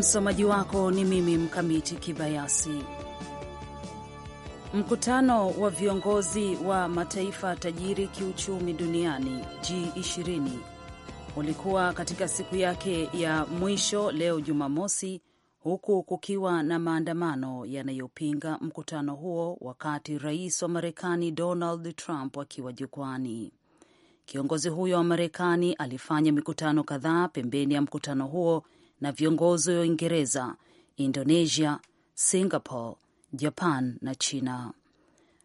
Msomaji wako ni mimi Mkamiti Kibayasi. Mkutano wa viongozi wa mataifa tajiri kiuchumi duniani G20 ulikuwa katika siku yake ya mwisho leo Jumamosi, huku kukiwa na maandamano yanayopinga mkutano huo, wakati rais wa Marekani Donald Trump akiwa jukwani. Kiongozi huyo wa Marekani alifanya mikutano kadhaa pembeni ya mkutano huo na viongozi wa Uingereza, Indonesia, Singapore, Japan na China.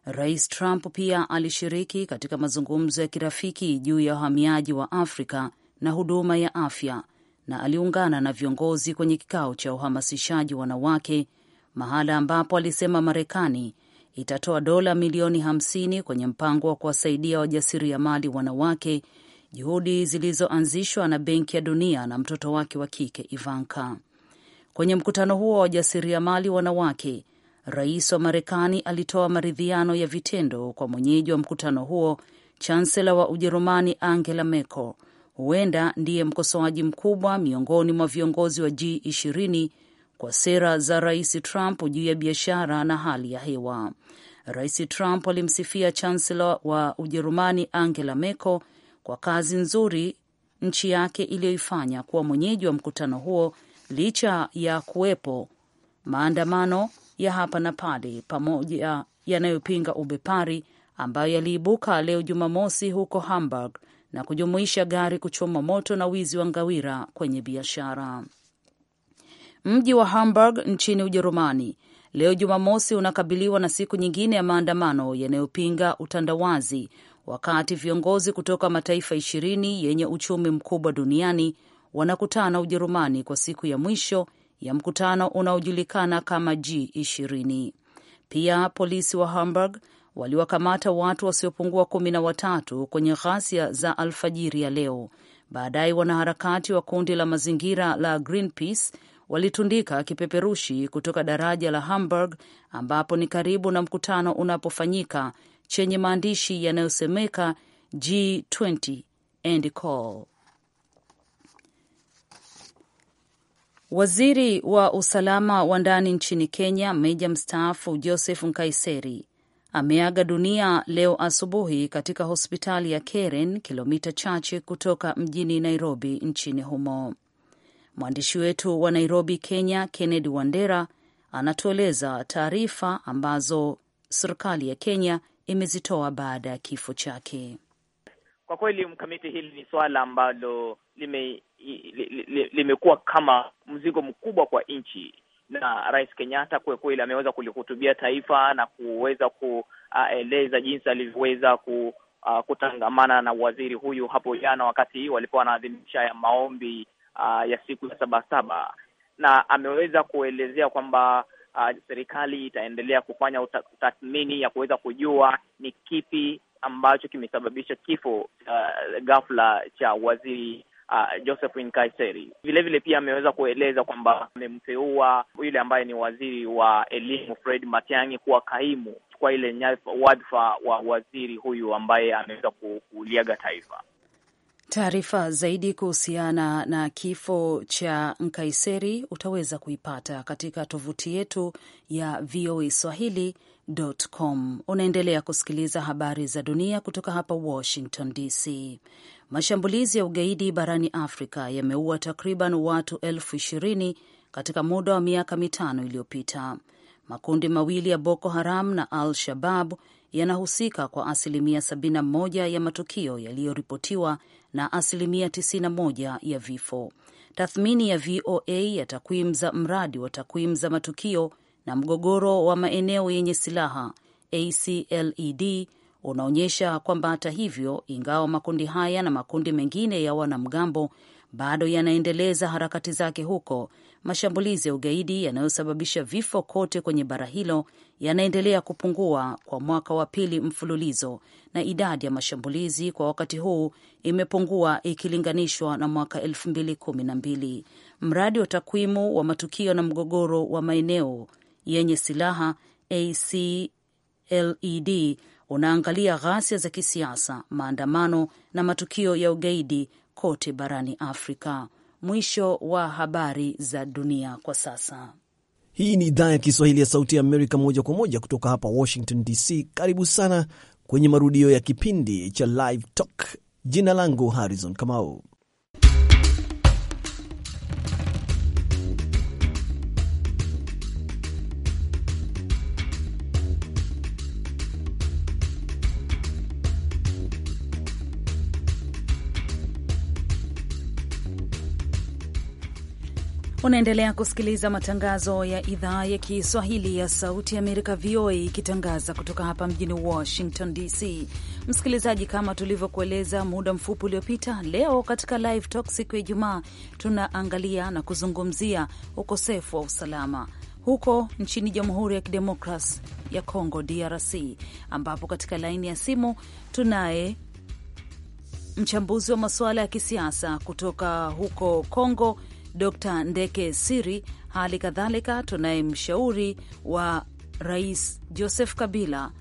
Rais Trump pia alishiriki katika mazungumzo ya kirafiki juu ya wahamiaji wa Afrika na huduma ya afya na aliungana na viongozi kwenye kikao cha uhamasishaji wanawake, mahala ambapo alisema Marekani itatoa dola milioni 50 kwenye mpango wa kuwasaidia wajasiriamali wanawake juhudi zilizoanzishwa na Benki ya Dunia na mtoto wake wa kike Ivanka. Kwenye mkutano huo wa wajasiriamali wanawake, rais wa Marekani alitoa maridhiano ya vitendo kwa mwenyeji wa mkutano huo, chansela wa Ujerumani Angela Merkel huenda ndiye mkosoaji mkubwa miongoni mwa viongozi wa G20 kwa sera za Rais Trump juu ya biashara na hali ya hewa. Rais Trump alimsifia chansela wa Ujerumani Angela Merkel kwa kazi nzuri nchi yake iliyoifanya kuwa mwenyeji wa mkutano huo licha ya kuwepo maandamano ya hapa na pale pamoja yanayopinga ubepari ambayo yaliibuka leo Jumamosi huko Hamburg na kujumuisha gari kuchoma moto na wizi wa ngawira kwenye biashara. Mji wa Hamburg nchini Ujerumani leo Jumamosi unakabiliwa na siku nyingine ya maandamano yanayopinga utandawazi wakati viongozi kutoka mataifa ishirini yenye uchumi mkubwa duniani wanakutana Ujerumani kwa siku ya mwisho ya mkutano unaojulikana kama G20. Pia polisi wa Hamburg waliwakamata watu wasiopungua kumi na watatu kwenye ghasia za alfajiri ya leo. Baadaye wanaharakati wa kundi la mazingira la Greenpeace walitundika kipeperushi kutoka daraja la Hamburg ambapo ni karibu na mkutano unapofanyika chenye maandishi yanayosemeka G20 and call. Waziri wa usalama wa ndani nchini Kenya, meja mstaafu Joseph Nkaiseri ameaga dunia leo asubuhi katika hospitali ya Keren, kilomita chache kutoka mjini Nairobi nchini humo. Mwandishi wetu wa Nairobi, Kenya, Kennedy Wandera anatueleza taarifa ambazo serikali ya Kenya imezitoa baada ya kifo chake. Kwa kweli mkamiti, hili ni swala ambalo li, limekuwa kama mzigo mkubwa kwa nchi, na Rais Kenyatta kwa ameweza kulihutubia taifa na kuweza kueleza jinsi alivyoweza ku Uh, kutangamana na waziri huyu hapo jana wakati walikuwa wanaadhimisha ya maombi uh, ya siku ya Sabasaba, na ameweza kuelezea kwamba uh, serikali itaendelea kufanya tathmini ya kuweza kujua ni kipi ambacho kimesababisha kifo uh, ghafla cha waziri Uh, Josephine Kaiseri vilevile pia ameweza kueleza kwamba amemteua yule ambaye ni waziri wa elimu Fred Matiang'i kuwa kaimu kwa ile wadhifa wa waziri huyu ambaye ameweza kuliaga taifa. Taarifa zaidi kuhusiana na kifo cha Nkaiseri utaweza kuipata katika tovuti yetu ya VOA Swahili.com. Unaendelea kusikiliza habari za dunia kutoka hapa Washington DC. Mashambulizi ya ugaidi barani Afrika yameua takriban watu elfu ishirini katika muda wa miaka mitano iliyopita. Makundi mawili ya Boko Haram na Al Shabab yanahusika kwa asilimia 71 ya matukio yaliyoripotiwa na asilimia 91 ya vifo. Tathmini ya VOA ya takwimu za mradi wa takwimu za matukio na mgogoro wa maeneo yenye silaha ACLED unaonyesha kwamba hata hivyo, ingawa makundi haya na makundi mengine ya wanamgambo bado yanaendeleza harakati zake huko, mashambulizi ya ugaidi yanayosababisha vifo kote kwenye bara hilo yanaendelea kupungua kwa mwaka wa pili mfululizo, na idadi ya mashambulizi kwa wakati huu imepungua ikilinganishwa na mwaka elfu mbili kumi na mbili. Mradi wa takwimu wa matukio na mgogoro wa maeneo yenye silaha ACLED unaangalia ghasia za kisiasa, maandamano na matukio ya ugaidi kote barani Afrika. Mwisho wa habari za dunia kwa sasa. Hii ni idhaa ya Kiswahili ya Sauti ya Amerika, moja kwa moja kutoka hapa Washington DC. Karibu sana kwenye marudio ya kipindi cha Live Talk. Jina langu Harrison Kamau. Unaendelea kusikiliza matangazo ya idhaa ya Kiswahili ya Sauti ya Amerika, VOA, ikitangaza kutoka hapa mjini Washington DC. Msikilizaji, kama tulivyokueleza muda mfupi uliopita, leo katika Live Talk siku ya Ijumaa tunaangalia na kuzungumzia ukosefu wa usalama huko nchini Jamhuri ya Kidemokrasi ya Congo, DRC, ambapo katika laini ya simu tunaye mchambuzi wa masuala ya kisiasa kutoka huko Congo, Dr. Ndeke Siri, hali kadhalika tunaye mshauri wa Rais Joseph Kabila,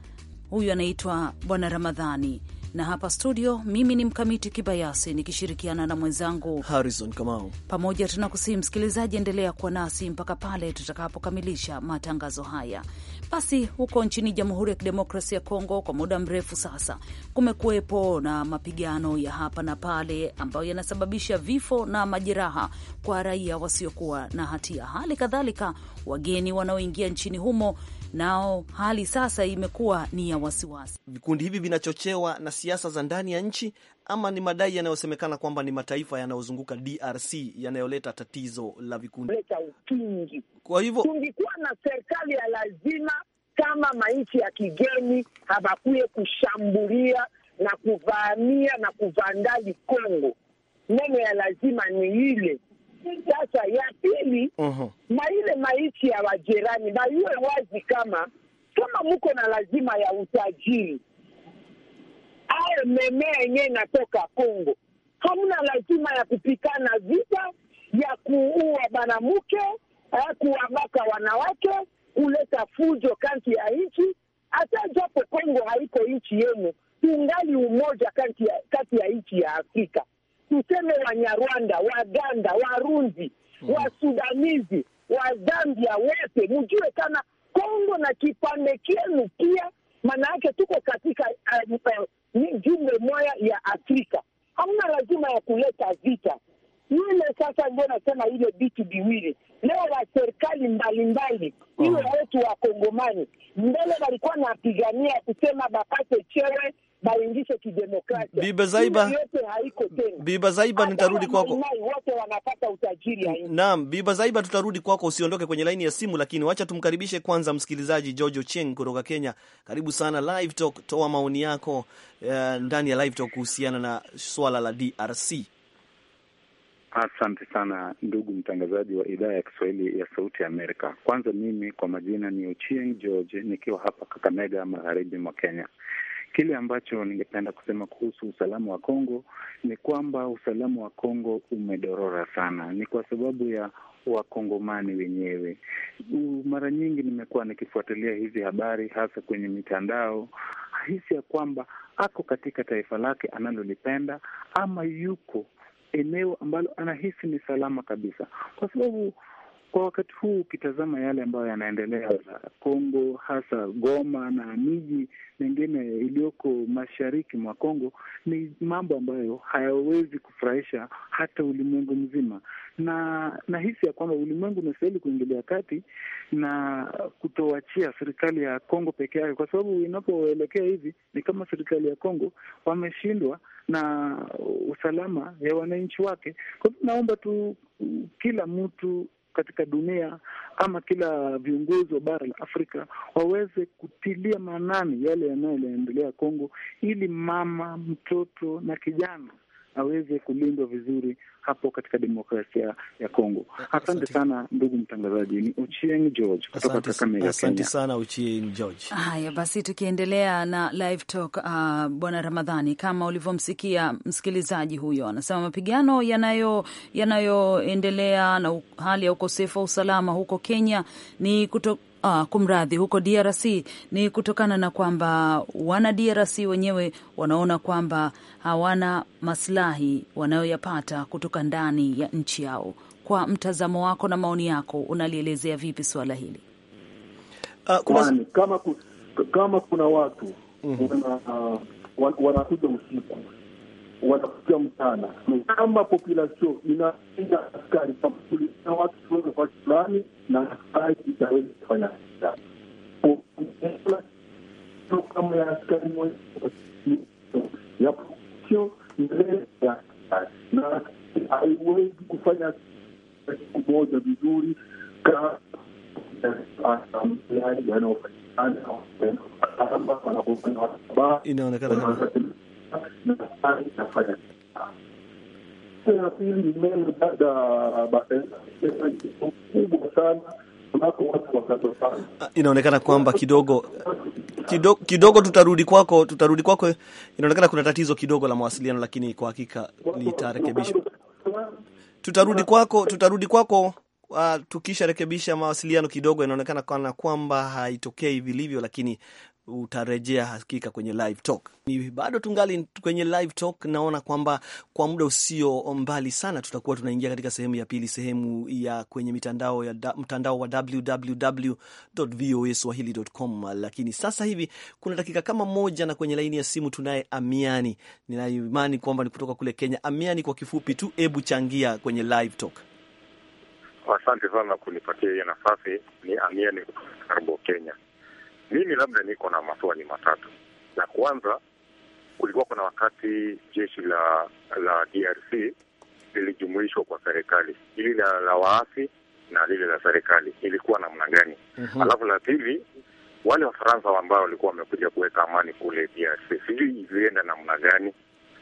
huyu anaitwa Bwana Ramadhani na hapa studio mimi ni Mkamiti Kibayasi nikishirikiana na mwenzangu Harrison Kamau. Pamoja tunakusihi msikilizaji, endelea kuwa nasi mpaka pale tutakapokamilisha matangazo haya. Basi huko nchini Jamhuri ya Kidemokrasia ya Kongo, kwa muda mrefu sasa kumekuwepo na mapigano ya hapa na pale ambayo yanasababisha vifo na majeraha kwa raia wasiokuwa na hatia, hali kadhalika wageni wanaoingia nchini humo nao hali sasa imekuwa ni ya wasiwasi. Vikundi hivi vinachochewa na siasa za ndani ya nchi ama ni madai yanayosemekana kwamba ni mataifa yanayozunguka DRC yanayoleta tatizo la vikundi leta ukingi. Kwa hivyo tungikuwa na serikali ya lazima kama maichi ya kigeni habakuye kushambulia na kuvamia na kuvandali Kongo. Neno ya lazima ni ile sasa ya pili uh-huh. na ile maisha ya wajerani na iwe wazi kama kama mko na lazima ya utajiri ayo memea yenyewe inatoka Kongo, hamna lazima ya kupikana vita ya kuua banamuke kuwabaka wanawake kuleta fujo kati ya nchi. Hata japo Kongo haiko nchi yenu, tungali umoja kati ya nchi ya Afrika tuseme Wanyarwanda, Waganda, Warundi, hmm. Wasudanizi, Wazambia wote mjue kana Kongo na kipande kyenu pia, maana yake tuko katika uh, uh, ni jumbe moya ya Afrika. Hamna lazima ya kuleta vita ile. Sasa ndio nasema ile vitu viwili leo wa serikali mbalimbali, iwe hmm. wetu wa Kongomani, mbele walikuwa napigania kusema bapate chewe baingishe kidemokrasia. Biba Zaiba, yote haiko tena. Biba Zaiba, nitarudi kwako. Wote wanapata utajiri hapo. Naam, Biba Zaiba, tutarudi kwako, usiondoke kwenye laini ya simu, lakini wacha tumkaribishe kwanza msikilizaji Jojo Cheng kutoka Kenya. Karibu sana Live Talk, toa maoni yako uh, ndani ya Live Talk kuhusiana na swala la DRC. Asante sana ndugu mtangazaji wa idhaa ya Kiswahili ya Sauti ya Amerika. Kwanza mimi kwa majina ni Ochieng George, nikiwa hapa Kakamega, magharibi mwa Kenya. Kile ambacho ningependa kusema kuhusu usalama wa Kongo ni kwamba usalama wa Kongo umedorora sana, ni kwa sababu ya wakongomani wenyewe. Mara nyingi nimekuwa nikifuatilia hizi habari hasa kwenye mitandao, hisi ya kwamba ako katika taifa lake analolipenda ama yuko eneo ambalo anahisi ni salama kabisa, kwa sababu kwa wakati huu ukitazama yale ambayo yanaendelea Kongo, hasa Goma na miji mingine iliyoko mashariki mwa Kongo, ni mambo ambayo hayawezi kufurahisha hata ulimwengu mzima, na nahisi ya kwamba ulimwengu unastahili kuingilia kati na kutoachia serikali ya Kongo peke yake, kwa sababu inapoelekea hivi ni kama serikali ya Kongo wameshindwa na usalama ya wananchi wake. Kwa hivyo naomba tu kila mtu katika dunia ama kila viongozi wa bara la Afrika waweze kutilia maanani yale yanayoendelea Kongo, ili mama, mtoto na kijana aweze kulindwa vizuri hapo katika demokrasia ya Kongo. Asante sana ndugu mtangazaji, ni Uchieng George kutoka Kakamega, Asante sana Uchieng George. Haya basi, tukiendelea na live talk, uh, bwana Ramadhani, kama ulivyomsikia msikilizaji huyo anasema mapigano yanayo yanayoendelea na hali ya ukosefu wa usalama huko Kenya ni kuto Ah, kumradhi, huko DRC ni kutokana na kwamba wana DRC wenyewe wanaona kwamba hawana maslahi wanayoyapata kutoka kutoka ndani ya nchi yao. Kwa mtazamo wako na maoni yako, unalielezea vipi suala hili? Uh, kuna... kama, ku, kama kuna watu mm -hmm. wanakuja uh, usiku wanakuja mchana, kama populasio inaenda askari na watu kwa fulani na askari itaweza kufanya kama ya askari ya populasio na haiwezi kufanya moja vizuri inaonekana ya pili dada kubwa sana ah, inaonekana kwamba kidogo kidogo, kidogo tutarudi kwako, tutarudi kwako. Inaonekana kuna tatizo kidogo la mawasiliano, lakini kwa hakika litarekebishwa tutarudi kwako, tutarudi kwako uh, tukisharekebisha mawasiliano kidogo. Inaonekana kana kwamba haitokei vilivyo, lakini utarejea hakika kwenye live talk. Ni bado tungali kwenye live talk, naona kwamba kwa muda usio mbali sana tutakuwa tunaingia katika sehemu ya pili, sehemu ya kwenye mitandao ya da, mtandao wa www.voaswahili.com. Lakini sasa hivi kuna dakika kama moja, na kwenye laini ya simu tunaye Amiani, ninaimani kwamba ni kutoka kule Kenya. Amiani, kwa kifupi tu, hebu changia kwenye live talk. Asante sana kunipatia hiyo nafasi. Ni Amiani kutoka Karbo, Kenya. Mimi labda niko na maswali matatu. La kwanza, kulikuwa kuna wakati jeshi la la DRC lilijumuishwa kwa serikali hili la, la waasi na lile la serikali ilikuwa namna gani? mm -hmm. Alafu la pili, wale Wafaransa ambao walikuwa wamekuja kuweka amani kule DRC sijui ilienda namna gani?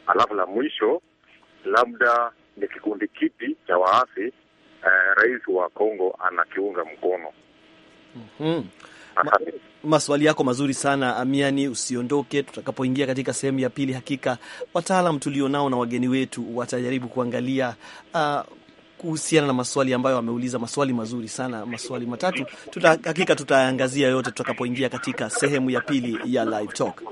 Alafu la mwisho, labda ni kikundi kipi cha waasi eh, rais wa Kongo anakiunga mkono? uh-huh. Ma, maswali yako mazuri sana Amiani, usiondoke. Tutakapoingia katika sehemu ya pili, hakika wataalam tulionao na wageni wetu watajaribu kuangalia uh, kuhusiana na maswali ambayo ameuliza, maswali mazuri sana, maswali matatu. Tuta, hakika tutaangazia yote tutakapoingia katika sehemu ya pili ya live talk.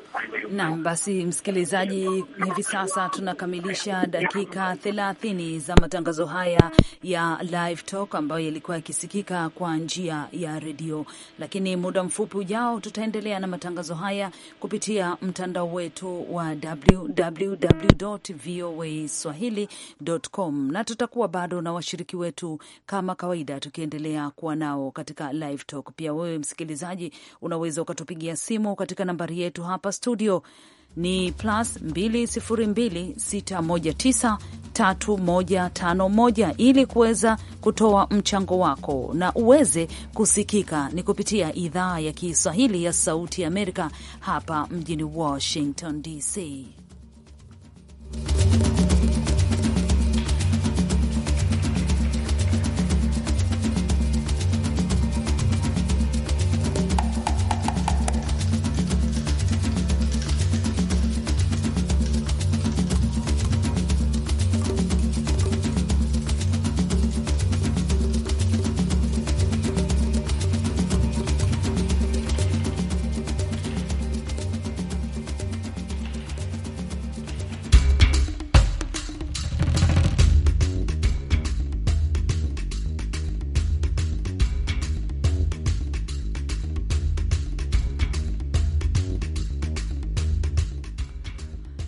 Naam, basi msikilizaji, hivi sasa tunakamilisha dakika thelathini za matangazo haya ya live talk ambayo yalikuwa yakisikika kwa njia ya redio, lakini muda mfupi ujao tutaendelea na matangazo haya kupitia mtandao wetu wa www.voaswahili.com na tutakuwa bado na washiriki wetu kama kawaida, tukiendelea kuwa nao katika live talk. Pia wewe msikilizaji, unaweza ukatupigia simu katika nambari yetu hapa studio ni plus 2026193151 ili kuweza kutoa mchango wako na uweze kusikika. Ni kupitia idhaa ya Kiswahili ya Sauti ya Amerika hapa mjini Washington DC.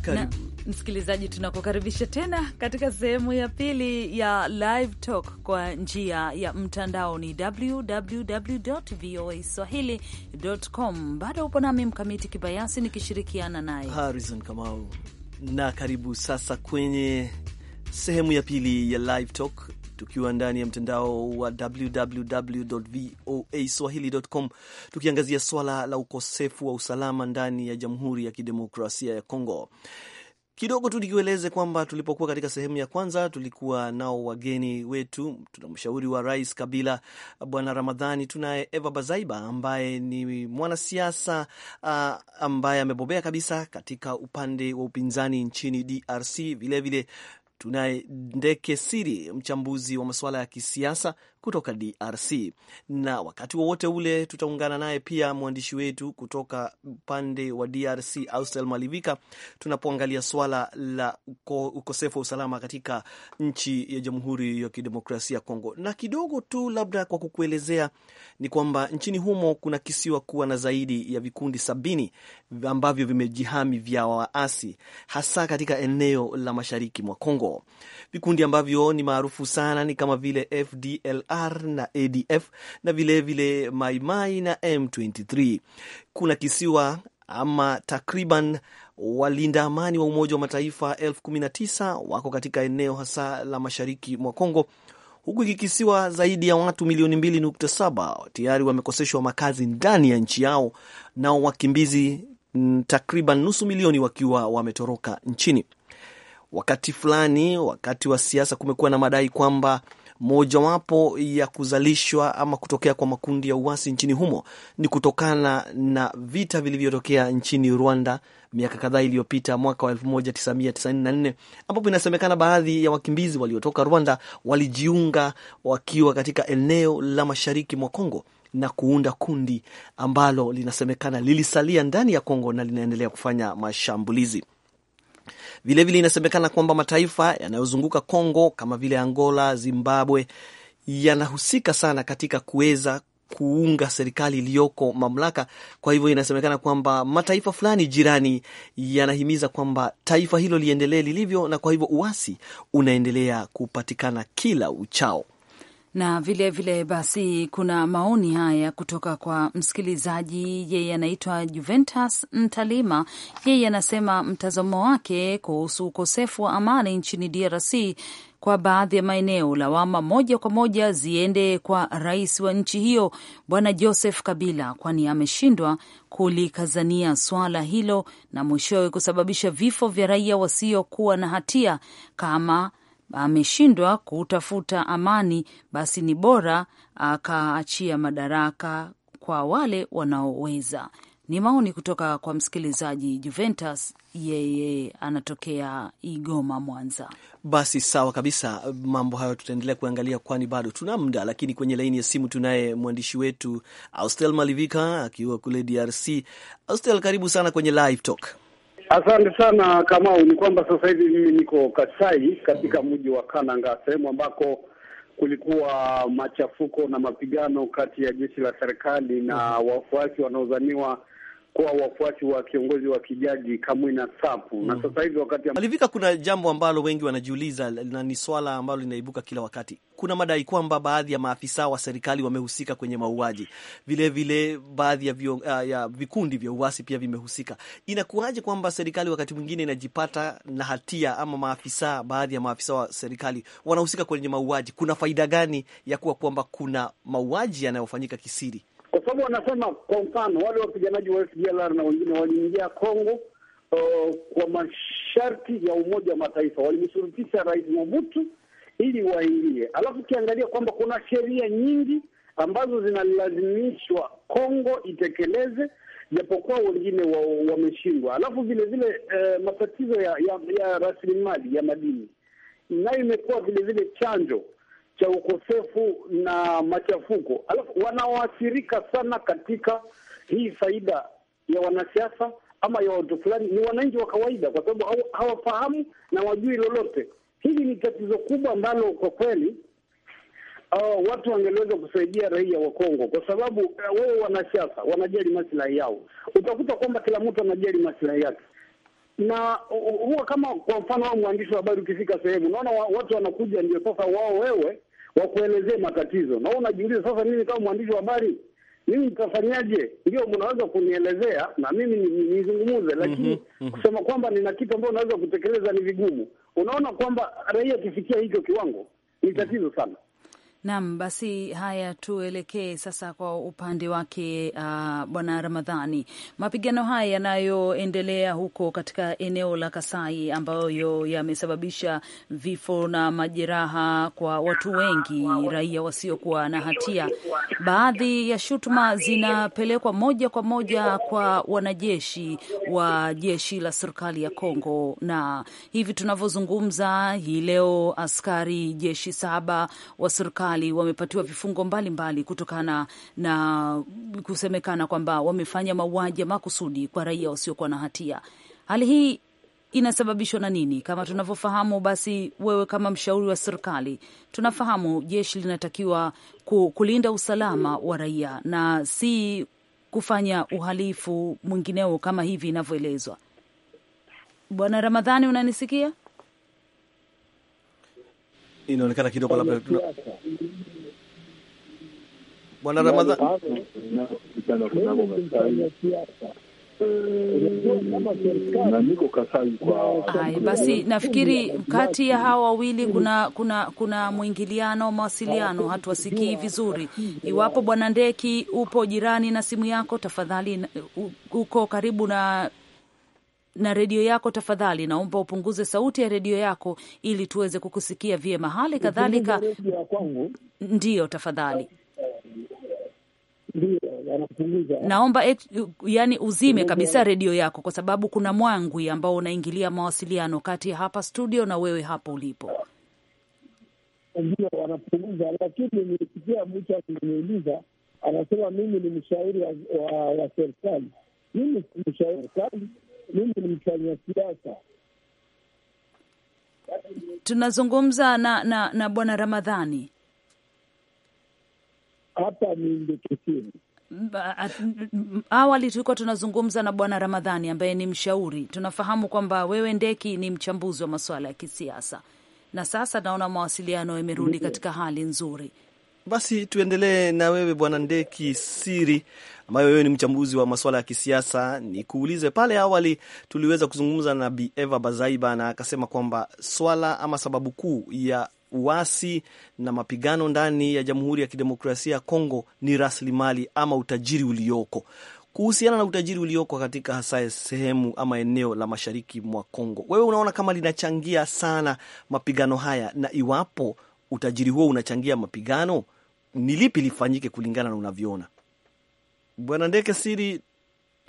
Karibu msikilizaji, tunakukaribisha tena katika sehemu ya pili ya Live Talk kwa njia ya mtandao ni voa swahilicom Bado upo nami Mkamiti Kibayasi nikishirikiana naye Harrison Kamau, na karibu sasa kwenye sehemu ya pili ya Live Talk tukiwa ndani ya mtandao wa swahili.com, tukiangazia swala la ukosefu wa usalama ndani ya Jamhuri ya Kidemokrasia ya Kongo. Kidogo tu nikiweleze kwamba tulipokuwa katika sehemu ya kwanza tulikuwa nao wageni wetu, tuna mshauri wa Rais Kabila Bwana Ramadhani, tunaye Eva Bazaiba ambaye ni mwanasiasa uh, ambaye amebobea kabisa katika upande wa upinzani nchini DRC, vilevile Tunaye Ndeke Siri, mchambuzi wa masuala ya kisiasa kutoka DRC, na wakati wowote wa ule tutaungana naye pia mwandishi wetu kutoka upande wa DRC Austel Malivika, tunapoangalia swala la ukosefu wa usalama katika nchi ya Jamhuri ya Kidemokrasia ya Kongo. Na kidogo tu labda kwa kukuelezea ni kwamba nchini humo kuna kisiwa kuwa na zaidi ya vikundi sabini ambavyo vimejihami vya waasi, hasa katika eneo la mashariki mwa Kongo. Vikundi ambavyo ni maarufu sana ni kama vile FDLR na ADF na vilevile Maimai na M23. Kuna kisiwa ama takriban walinda amani wa Umoja wa Mataifa elfu kumi na tisa wako katika eneo hasa la mashariki mwa congo huku ikikisiwa zaidi ya watu milioni mbili nukta saba tayari wamekoseshwa makazi ndani ya nchi yao, nao wakimbizi mm, takriban nusu milioni wakiwa wametoroka nchini wakati fulani, wakati wa siasa, kumekuwa na madai kwamba mojawapo ya kuzalishwa ama kutokea kwa makundi ya uasi nchini humo ni kutokana na vita vilivyotokea nchini Rwanda miaka kadhaa iliyopita mwaka wa 1994 ambapo inasemekana baadhi ya wakimbizi waliotoka Rwanda walijiunga wakiwa katika eneo la mashariki mwa Kongo na kuunda kundi ambalo linasemekana lilisalia ndani ya Kongo na linaendelea kufanya mashambulizi. Vilevile inasemekana kwamba mataifa yanayozunguka Kongo kama vile Angola, Zimbabwe yanahusika sana katika kuweza kuunga serikali iliyoko mamlaka. Kwa hivyo inasemekana kwamba mataifa fulani jirani yanahimiza kwamba taifa hilo liendelee lilivyo, na kwa hivyo uasi unaendelea kupatikana kila uchao na vilevile vile basi, kuna maoni haya kutoka kwa msikilizaji, yeye anaitwa Juventus Mtalima. Yeye anasema mtazamo wake kuhusu ukosefu wa amani nchini DRC kwa baadhi ya maeneo, lawama moja kwa moja ziende kwa rais wa nchi hiyo Bwana Joseph Kabila, kwani ameshindwa kulikazania swala hilo na mwishowe kusababisha vifo vya raia wasiokuwa na hatia kama ameshindwa kutafuta amani, basi ni bora akaachia madaraka kwa wale wanaoweza. Ni maoni kutoka kwa msikilizaji Juventus, yeye anatokea Igoma, Mwanza. Basi sawa kabisa, mambo hayo tutaendelea kuangalia, kwani bado tuna muda. Lakini kwenye laini ya simu tunaye mwandishi wetu Austel Malivika akiwa kule DRC. Austel, karibu sana kwenye Live Talk. Asante sana Kamau. Ni kwamba sasa hivi mimi niko Kasai katika mji wa Kananga, sehemu ambako kulikuwa machafuko na mapigano kati ya jeshi la serikali na wafuasi wanaodhaniwa kuwa wafuasi wa kiongozi wa kijaji Kamwina Sapu mm. Na sasa hivi wakati alivika, kuna jambo ambalo wengi wanajiuliza na ni swala ambalo linaibuka kila wakati. Kuna madai kwamba baadhi ya maafisa wa serikali wamehusika kwenye mauaji, vilevile baadhi ya, vio, ya, uh, ya vikundi vya uasi pia vimehusika. Inakuwaje kwamba serikali wakati mwingine inajipata na hatia ama maafisa, baadhi ya maafisa wa serikali wanahusika kwenye mauaji? Kuna faida gani ya kuwa kwamba kuna mauaji yanayofanyika kisiri? kwa sababu wanasema, kwa mfano wale wapiganaji wa FDLR na wengine waliingia Kongo uh, kwa masharti ya Umoja wa Mataifa, walimshurutisha Rais Mobutu ili waingie. Alafu ukiangalia kwamba kuna sheria nyingi ambazo zinalazimishwa Kongo itekeleze japokuwa wengine wameshindwa wa alafu vile vile uh, matatizo ya ya, ya rasilimali ya madini nayo imekuwa vile vile chanjo cha ukosefu na machafuko. Alafu wanaoathirika sana katika hii faida ya wanasiasa ama ya watu fulani ni wananchi wa kawaida, kwa sababu hawafahamu na wajui lolote. Hili ni tatizo kubwa ambalo kwa kweli uh, watu wangeliweza kusaidia raia wa Kongo, kwa sababu uh, wao wanasiasa wanajali masilahi yao. Utakuta kwamba kila mtu anajali masilahi yake na huwa kama kwa mfano wa mwandishi wa habari, ukifika sehemu unaona watu wanakuja, ndio sasa wao wewe wakuelezee matatizo, na unajiuliza sasa, mimi kama mwandishi wa habari mimi nitafanyaje? Ndio mnaweza kunielezea na mimi nizungumuze, lakini mm -hmm, kusema kwamba nina kitu ambayo unaweza kutekeleza ni vigumu. Unaona kwamba raia akifikia hicho kiwango ni mhm. tatizo sana. Naam, basi haya tuelekee sasa kwa upande wake uh, bwana Ramadhani, mapigano haya yanayoendelea huko katika eneo la Kasai ambayo yamesababisha vifo na majeraha kwa watu wengi, raia wasiokuwa na hatia. Baadhi ya shutuma zinapelekwa moja kwa moja kwa wanajeshi wa jeshi la serikali ya Kongo, na hivi tunavyozungumza hii leo askari jeshi saba wa serikali mbalimbali wamepatiwa vifungo mbalimbali kutokana na kusemekana kwamba wamefanya mauaji ya makusudi kwa raia wasiokuwa na hatia. Hali hii inasababishwa na nini? Kama tunavyofahamu, basi wewe kama mshauri wa serikali, tunafahamu jeshi linatakiwa kulinda usalama wa raia na si kufanya uhalifu mwingineo kama hivi inavyoelezwa. Bwana Ramadhani, unanisikia? inaonekana kidogo labda tuna Bwana Ramadhani Hai, basi nafikiri kati ya hawa wawili kuna kuna kuna mwingiliano, mawasiliano hatuwasikii vizuri. Iwapo Bwana Ndeki upo jirani na simu yako, tafadhali uh, uko karibu na na redio yako tafadhali, naomba upunguze sauti ya redio yako ili tuweze kukusikia vyema. Hali kadhalika ndiyo, tafadhali naomba et, yani uzime kabisa redio yako, kwa sababu kuna mwangwi ambao unaingilia mawasiliano kati ya hapa studio na wewe hapo ulipo. Ndio wanapunguza, lakini nilisikia mtu akiniuliza, anasema mimi ni mshauri wa, wa, wa serikali. Mimi si mshauri wa serikali mimi ni mfanya siasa. Tunazungumza na na, na Bwana Ramadhani hapa Mindekesini. Awali tulikuwa tunazungumza na Bwana Ramadhani ambaye ni mshauri. Tunafahamu kwamba wewe Ndeki ni mchambuzi wa masuala ya kisiasa, na sasa naona mawasiliano yamerudi katika hali nzuri. Basi tuendelee na wewe Bwana Ndeki Siri, ambayo wewe ni mchambuzi wa masuala ya kisiasa. Ni kuulize pale awali tuliweza kuzungumza na Bi Eva Bazaiba na akasema kwamba swala ama sababu kuu ya uasi na mapigano ndani ya Jamhuri ya Kidemokrasia ya Kongo ni rasilimali ama utajiri ulioko kuhusiana na utajiri ulioko katika hasa sehemu ama eneo la mashariki mwa Kongo, wewe unaona kama linachangia sana mapigano haya, na iwapo utajiri huo unachangia mapigano, ni lipi lifanyike kulingana na unavyoona, Bwana Ndeke Siri?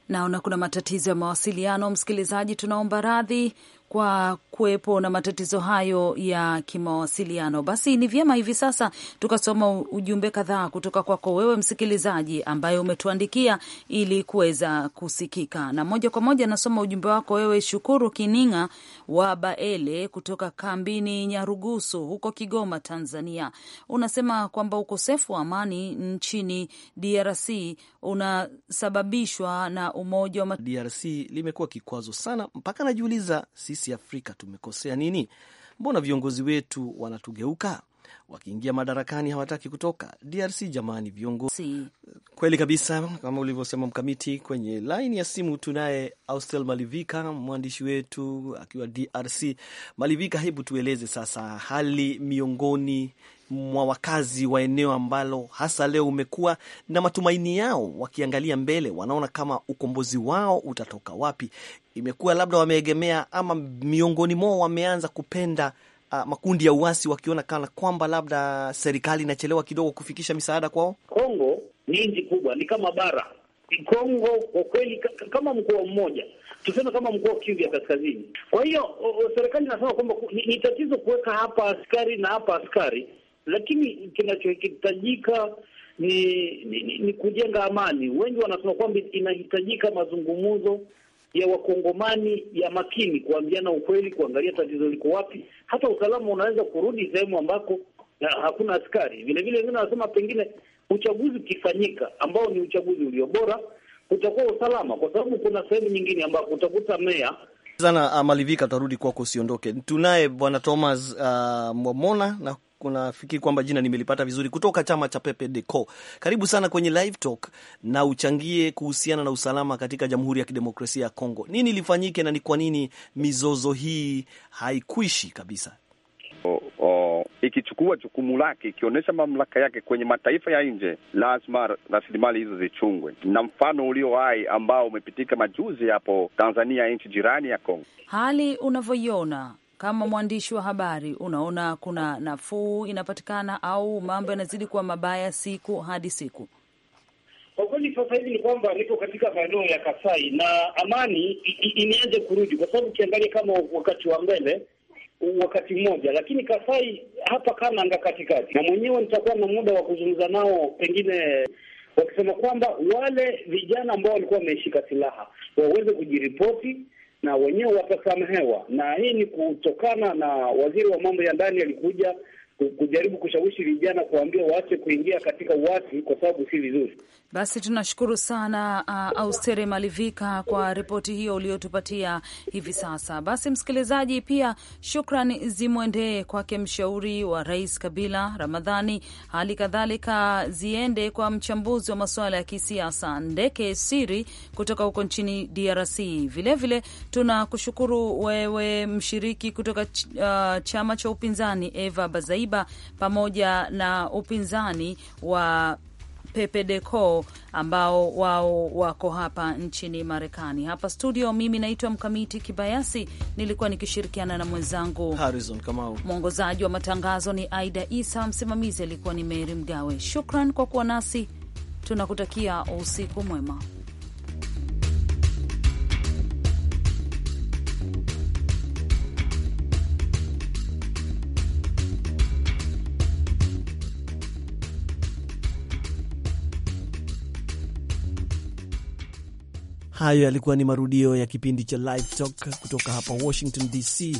Naona kuna matatizo ya mawasiliano, msikilizaji, tunaomba radhi kwa kuwepo na matatizo hayo ya kimawasiliano. Basi ni vyema hivi sasa tukasoma ujumbe kadhaa kutoka kwako wewe msikilizaji ambaye umetuandikia ili kuweza kusikika, na moja kwa moja nasoma ujumbe wako wewe, Shukuru Kininga wa Baele kutoka kambini Nyarugusu huko Kigoma, Tanzania. Unasema kwamba ukosefu wa amani nchini DRC unasababishwa na umoja wa DRC limekuwa kikwazo sana, mpaka najiuliza sisi sisi Afrika tumekosea nini? Mbona viongozi wetu wanatugeuka? Wakiingia madarakani hawataki kutoka. DRC jamani, viongozi kweli kabisa. Kama ulivyosema Mkamiti, kwenye laini ya simu tunaye Austel Malivika, mwandishi wetu akiwa DRC. Malivika, hebu tueleze sasa hali miongoni mwa wakazi wa eneo ambalo hasa leo umekuwa na matumaini yao, wakiangalia mbele, wanaona kama ukombozi wao utatoka wapi. Imekuwa labda wameegemea ama miongoni mwao wameanza kupenda Uh, makundi ya uasi wakiona kana kwamba labda serikali inachelewa kidogo kufikisha misaada kwao. Kongo ni nchi kubwa, ni kama bara. Kongo kwa kweli kama mkoa mmoja, tuseme kama mkoa wa Kivu ya Kaskazini. Kwa hiyo serikali inasema kwamba ni tatizo kuweka hapa askari na hapa askari lakini kinachohitajika ni, ni, ni kujenga amani. Wengi wanasema kwamba inahitajika mazungumzo ya wakongomani ya makini, kuambiana ukweli, kuangalia tatizo liko wapi. Hata usalama unaweza kurudi sehemu ambako hakuna askari. Vile vile wengine wanasema pengine uchaguzi ukifanyika, ambao ni uchaguzi ulio bora, utakuwa usalama, kwa sababu kuna sehemu nyingine ambako utakuta meya sana. Ah, Malivika, Tarudi kwako, usiondoke. Tunaye bwana Thomas uh, Mwamona na kunafikiri kwamba jina nimelipata vizuri, kutoka chama cha Pepe Deco. Karibu sana kwenye Live Talk na uchangie kuhusiana na usalama katika Jamhuri ya Kidemokrasia ya Kongo. Nini lifanyike na ni kwa nini mizozo hii haikuishi kabisa? Oh, oh, ikichukua jukumu lake ikionyesha mamlaka yake kwenye mataifa ya nje, lazima rasilimali hizo zichungwe, na mfano ulio hai ambao umepitika majuzi hapo Tanzania, nchi jirani ya Kongo. Hali unavyoiona kama mwandishi wa habari, unaona kuna nafuu inapatikana au mambo yanazidi kuwa mabaya siku hadi siku? Kwa kweli sasa hivi ni kwamba niko katika maeneo ya Kasai na amani imeanza kurudi, kwa sababu ukiangalia kama wakati wa mbele wakati mmoja, lakini Kasai hapa Kananga katikati, na mwenyewe nitakuwa na muda wa kuzungumza nao, pengine wakisema kwamba wale vijana ambao walikuwa wameishika silaha waweze kujiripoti na wenyewe watasamehewa, na hii ni kutokana na waziri wa mambo ya ndani alikuja kujaribu kushawishi vijana kuambia waache kuingia katika uasi kwa sababu si vizuri. Basi tunashukuru sana uh, Austere Malivika kwa ripoti hiyo uliotupatia hivi sasa. Basi msikilizaji, pia shukran zimwendee kwake mshauri wa Rais Kabila Ramadhani, hali kadhalika ziende kwa mchambuzi wa masuala ya kisiasa Ndeke Siri kutoka huko nchini DRC. Vilevile tunakushukuru wewe mshiriki kutoka ch uh, chama cha upinzani Eva Bazaiba Leba pamoja na upinzani wa Pepedeco ambao wao wako hapa nchini Marekani. Hapa studio, mimi naitwa Mkamiti Kibayasi, nilikuwa nikishirikiana na mwenzangu Harrison Kamau. Mwongozaji wa matangazo ni Aida Isa, msimamizi alikuwa ni Meri Mgawe. Shukran kwa kuwa nasi, tunakutakia usiku mwema. Hayo yalikuwa ni marudio ya kipindi cha Live Talk kutoka hapa Washington DC.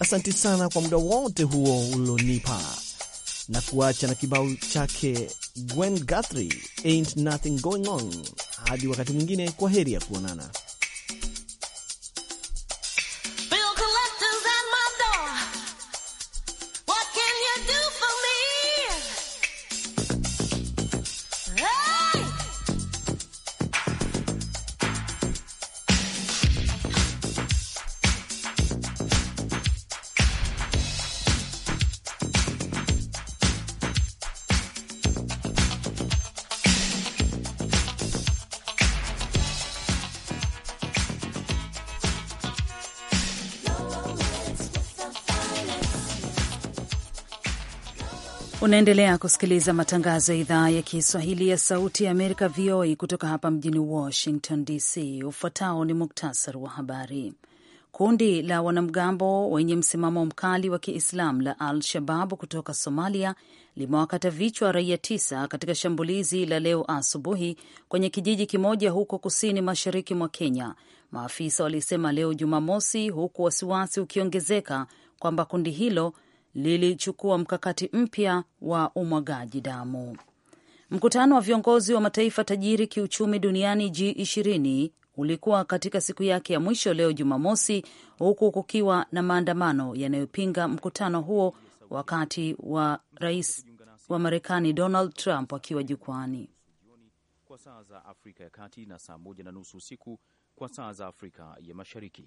Asante sana kwa muda wote huo ulonipa, na kuacha na kibao chake Gwen Guthrie, Ain't Nothing Going On. Hadi wakati mwingine, kwa heri ya kuonana. Unaendelea kusikiliza matangazo ya idhaa ya Kiswahili ya Sauti ya Amerika, VOA, kutoka hapa mjini Washington DC. Ufuatao ni muktasari wa habari. Kundi la wanamgambo wenye msimamo mkali wa Kiislamu la Al Shababu kutoka Somalia limewakata vichwa raia tisa katika shambulizi la leo asubuhi kwenye kijiji kimoja huko kusini mashariki mwa Kenya, maafisa walisema leo Jumamosi, huku wasiwasi ukiongezeka kwamba kundi hilo lilichukua mkakati mpya wa umwagaji damu. Mkutano wa viongozi wa mataifa tajiri kiuchumi duniani G20 ulikuwa katika siku yake ya mwisho leo Jumamosi, huku kukiwa na maandamano yanayopinga mkutano huo wakati wa rais wa Marekani Donald Trump akiwa jukwani kwa saa za Afrika ya kati na saa moja na nusu usiku kwa saa za Afrika ya Mashariki.